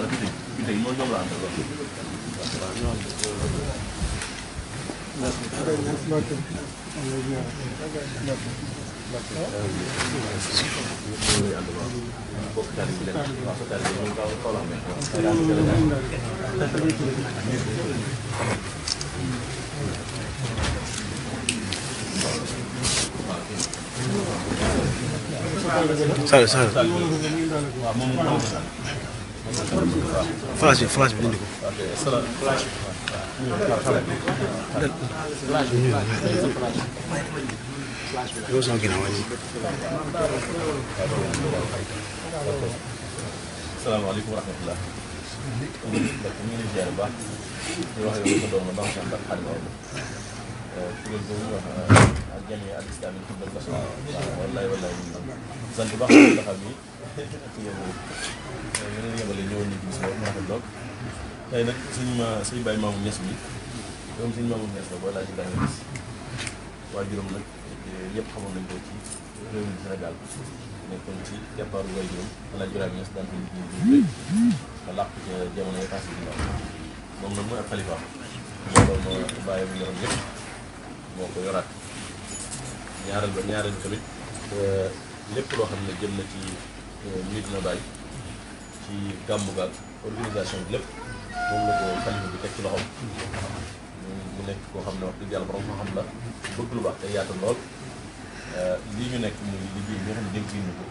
la gisee gisee ñoom ñoom la am Sale, sale. flash bi flash bi indi ko. yow sama ginnaaw wàññi. salaamaaleykum wa rahmatulah. ñu ngi ziar bu baax di wax yow sa doom la baax na baax xarit boobu. kuréel boobu wax ak jamiya al islami yi ñu tuddal ko. waaw wallaay wallaay sant bu baax xam yi. yéen a yebale ñëwoon ñu gis loolu maa ko ma suñ bàyyi maamu ñes bi doom suñ maamu ñes ci réew mi Sénégal nekkoon ci ko nit ñi nga moom mooy ak bàyyi bu yoroon yëpp moo ko yoraat ñaareel ba ñaareel tamit lépp loo xam ne jëm na ci Medina Baye ci gàmmu gaal organisation bi lépp ci loxoom mu nekk koo xam ne wax dëgg yàlla borom ko xam la bëgg lu baax te yaatal lool eh, lii ñu nekk muy liggéey bi nga dénk ñu ko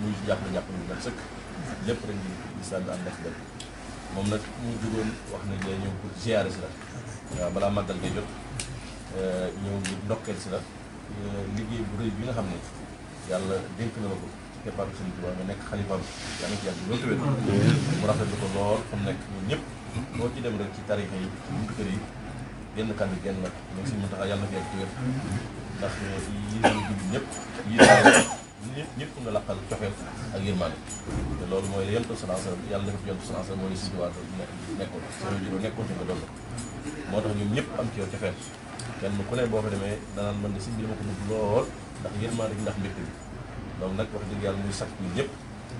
muy jàpp njàpp ñu nag sëkk lépp rek ñu islam am nekk dem moom nag mu jugoon wax na day ñëw pour ziare si la waaw balaa màggal ngay jot eh, ñëw ndokkeel si la eh, liggéey bu rëy bi nga xam ne yàlla dénk na la ko keppaaru sëñ Tuuba nga nekk xalifam yaa ngi ci yàgg loolu tamit mu rafetlu ko lool fu mu nekk ñun ñëpp boo ci dem rek ci tarixa yi ci buntu kër yi genn kan bi genn la ñoom sëñ Muntaxa yàlla na fi yàgg ci wér ndax yi ñu jub ñëpp yi ñëpp ñëpp nga laqal cofeel ak yërmaane te loolu mooy yonent sallallahu alayhi wasallam yàlla na fi sallallahu alayhi wasallam ci tax ñoom am ci yow cofeel kenn ku ne boo fa demee danaan mën de mbir ma lool ndax ndax loolu nag wax dëgg yàlla muy sakk ñun ñëpp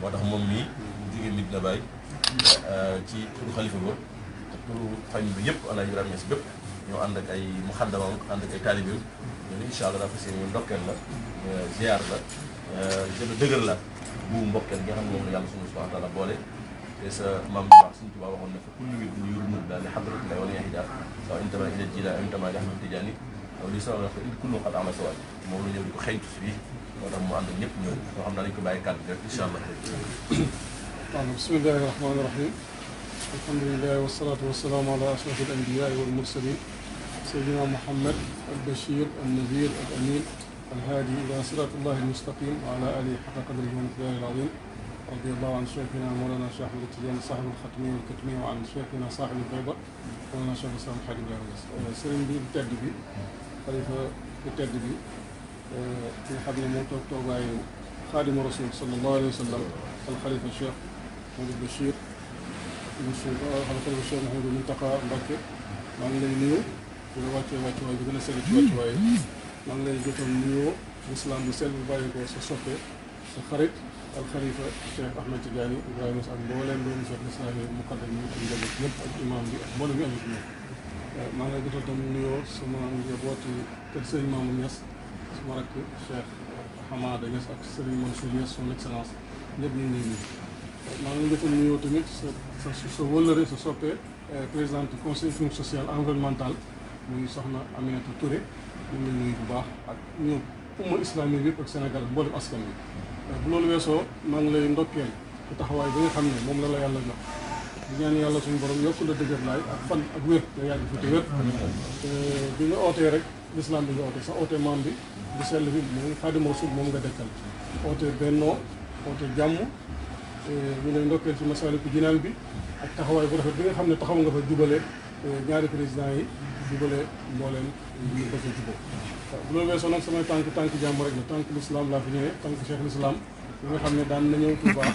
moo tax moom mii jigéen jógee Medina Baye ci turu xalifa ba ak turu famille bi yëpp El Hadj Ibrahima ñoo ànd ak ay muxaddamam ànd ak ay taalibeem loolu incha allah dafa seen ndokkeel la euh, ziar la jëlu euh, dëgër la bu mbokkeel nga xam ne moom la wa taala boole ñëw di ko xeeñtu si fii بسم الله الرحمن الرحيم الحمد لله والصلاة والسلام على أشرف الأنبياء والمرسلين سيدنا محمد البشير النذير الأمين الهادي إلى صراط الله المستقيم وعلى آله حق قدره ومقداره العظيم رضي الله عن شيخنا مولانا شيخ الاتجان صاحب الختمين والكتمين وعن شيخنا صاحب الفوضى مولانا شيخ الإسلام حبيب الله سيدنا بالتعدي خليفة بالتعدي في حبل الموتور توباي خادم الرسول صلى الله عليه وسلم الخليفه الشيخ محمود البشير الخليفه آه، الشيخ محمود المنطقه مبكر مان لي نيو في واتي واتي واتي غنا سيري واتي واتي مان لي جوتو نيو الاسلام بو سيل باي كو سو سوفي سو خريط الخليفه الشيخ احمد تجاني ابراهيم سعد مولاي مولاي شيخ الاسلام المقدم من جبل نيب الامام بي مولاي بي امي آه، مان لي جوتو تام نيو سو مان جي بوتي كرسي مام نياس Marak Cheikh Hamada Niass ak Serigne Mansour Niass son excellence ñëpp ñu ngi lay nuyu. maa ngi defoon nuyoo tamit sa sa sa wëllëre sa soppe présidente du conseil économique social environnemental muy soxna Aminata Touré ñu ngi nuyu bu baax ak ñoom umma islamique yëpp ak Sénégal mboolem askan wi. bu loolu weesoo maa ngi lay ndokkeel ci taxawaay bi nga xam ne moom la la yàlla jox di ñaan yàlla suñu borom yokk la dëgër laay ak fan ak wér nga yàgg fi te wér. bi nga ootee rek. l'islam bi nga oote sa oote maam bi bu sell bi mooy Xaadimu Rasuul moom nga dekkal oote bennoo oote jàmm eh, ñu lay ndokkeel ci bi ak taxawaay bu rafet bi nga xam ne taxaw nga fa jubale eh, ñaari président yi jubale mbooleem ñu ko fa juboo bu loolu weesoo nag samay tànk tànk jàmm rek la tànk l'islam laa fi ñëwee tànk cheikh l'islam bi nga xam ne daan na ñëw Tuubaa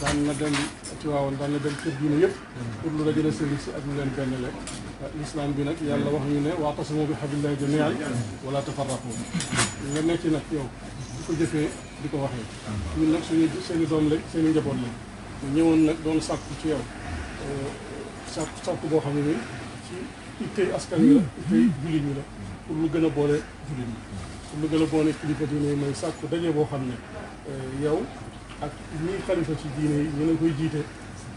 daan na dem ci waawoon daan na dem kër diine yëpp pour lu dajale sëriñ si ak ñu leen bennle lislaam bi nag yàlla wax ñu ne waatasimu bi hablillahi jamii'an wala tafarraqu nga nekk ci nag yow di ko jëfee di ko waxee ñun nag suñu seen i doom lañ seen i njaboot lañ ñu ñëwoon nag doon sàkku ci yow sàkku euh, sàkku boo xam ne ni ci ittey wi la ittey jullit ñi pour lu gën a boole jullit ñi pour gën a boole kilifa yi mooy sàkku daje boo xam ne euh, yow ak ñii xalifa ci diine yi ñu ne koy jiite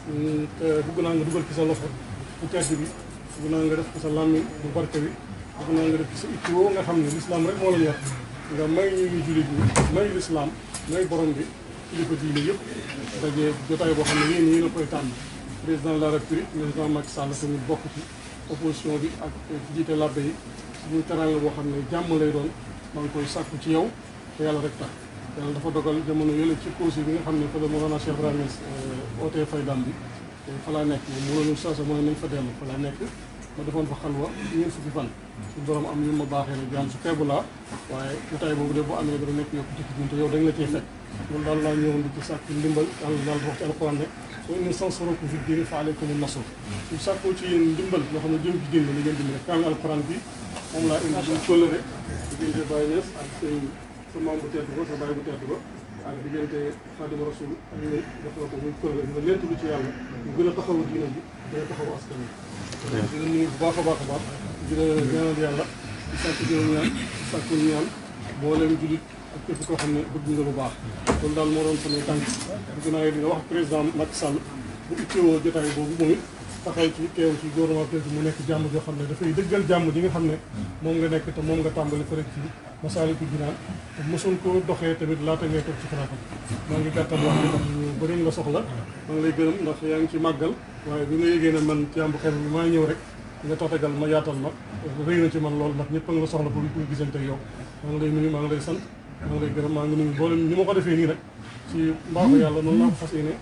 mm, te bëgg naa nga dugal ci sa loxo bu tedd bi bëgg naa nga def ko sa làmmiñ bu barke bi bëgg naa nga def ko sa itti woo nga xam ne lislaam rek moo la ñor nga may ñu ñu jullit ñi may lislaam may borom bi kilifa diine yëpp dajee jotaay boo xam ne yéen yéen koy tànn président de la république président Macky Sall bokk ci opposition bi ak jiite labbe yi suñu teraan la boo xam ne jàmm lay doon maa ngi koy sàkku ci yow te yàlla rek tax yàlla dafa dogal jamono yële ci cause bi nga xam ne fa la Mawlana Cheikh euh, fay dam fa laa nekk moom mu loolu sasa mën nañ fa dellu fa laa nekk ma defoon fa xalwa ñeen fukki fan su borom am ñu ma baaxee ne jaan su feebu laa waaye jotaay boobu de bu amee dara nekk yokk jikki ñun te yow da nga la cee fekk loolu daal laa ñëwoon di ci sàkku ndimbal yàlla daal wax ci alquran ne soo indi sansoroko fi diine fa aleykum nasr su sàkkoo ci yéen ndimbal loo xam ne jëm ci diine la ngeen dimbale kaami alquran bi moom laa indi bu kóllëre diggante Baye Niass ak seen sa maam bu tedd ba sa baay bu tedd ba ak diggante Xaadimu Rasul ak ñoom def na ko muy kóllëre nga leentu lu ci yàlla ñu gën a taxawu diine bi gën a taxawu askan wi di la nuyu bu baax a baax a baax di la ñaanal yàlla di sàkku jiw ñaan di sàkku ñaan mboolem jullit ak képp koo xam ne bëgg nga lu baax loolu daal moo doon samay tànk bëgg naa di nga wax président Macky Sall bu itteewoo jotaay boobu moom it taxaw ci teew ci gouvernement président mu nekk jàmm joo xam ne dafay dëggal jàmm ji nga xam ne moom nga nekk te moom nga tàmbali ko rek ci Masaalikul Jinaan te mosul ko doxee tamit laata ngay toog ci xalaatam maa ngi gàttal maa ngi lay gërëm ci màggal waaye bi nga yégée ne man ci am xel bi maa ñëw rek nga tatagal ma ma rëy na ci man loolu ndax ñëpp a nga soxla pour ñu gisante yow maa ngi lay nuyu maa ngi lay sant maa ngi lay gërëm maa ngi nuyu ma ko defee nii rek ci mbaaxu yàlla noonu laa ko fas yéene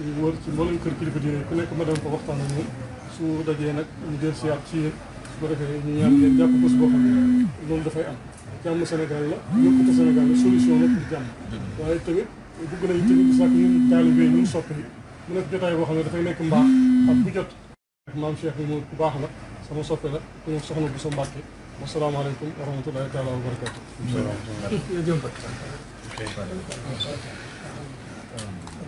ñu wër ci mboolem kër kilifa diine nekk ma dem ko waxtaan ak ñoom nag ñu del siyaat ci yéen su ko defee ñu ñaan leen jàpp loolu dafay am jàmm Sénégal la yokkute Sénégal la solution la pour jàmm waaye tamit bëgg nañu tamit sax ñun taalibe ñun soppi mu nekk jotaay boo xam ne dafay nekk mbaax ak bu jot maam Cheikh bi moom ku baax la sama soppe la ku ñu soxna bu sa Mbàkke wasalaamaaleykum wa rahmatulahi taala wa barakatu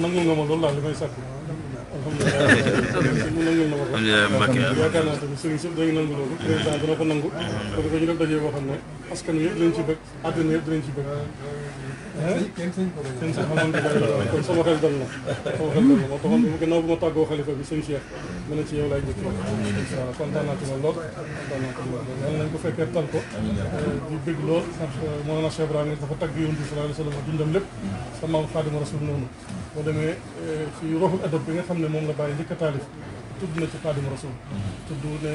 Nangungamadılar, ben sakın. alhamdulilah Mbacke yaakaar naa tamit sëriñ sëpp dañu nangu loolu président dana ko nangu parce que ñu def dajee boo xam ne askan yëpp dinañ ci bëgg àddina yëpp dinañ ci bëgg kenn sëñ ko kon sama xel dal na sama xel dal na moo taxoon naa bu ma tàggoo xalifa bi sëñ Cheikh mu ne ci yow laay jëkk waaw kontaan naa ci loolu lool kontaan naa ci loolu lool yàlla nañ ko fekkee tal ko di bëgg lool sax moo na Cheikh Ibrahima dafa tagg yonent bi sallallahu alayhi wa sallam dundam lépp sa maam Xaadimu Rasuul noonu boo demee eh, ci roxul adab bi nga xam ne moom la bàyyi njëkk a taalif tudd na ci Xaadimu Rasuul tudd ne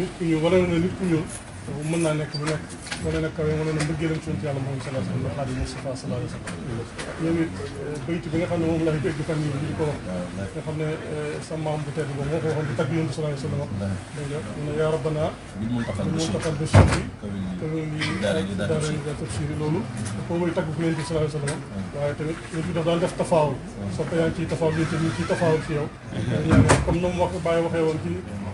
nit ku ñuul wala na nit ku ñuul te mën naa nekk bu nekk wane na kawe wane na mbëggeelam ci yonent yàlla Muhammad sallallahu alayhi wa sallam Xaadimu Mustafaa sallallahu alayhi wa sallam ñoom it euh, baytu bi nga xam ne moom lay dégg fan yii di ko wax nga xam ne euh, sa maam bu tedd boobu moo ko waxoon di tagg yonent sallallahu alayhi wa sallam dégg nga mu ne yaa rabbana bil muntaxal ba suuf bi kawe ni daara ni da tafsiri loolu koo koy tagg ko yonent sallallahu alayhi wa sallam waaye tamit yonent bi daf daan def tafaawul soo ko yaa ngi ciy tafaawul yonent bi ciy tafaawul ci yow comme na mu wax bàyyi waxee woon ci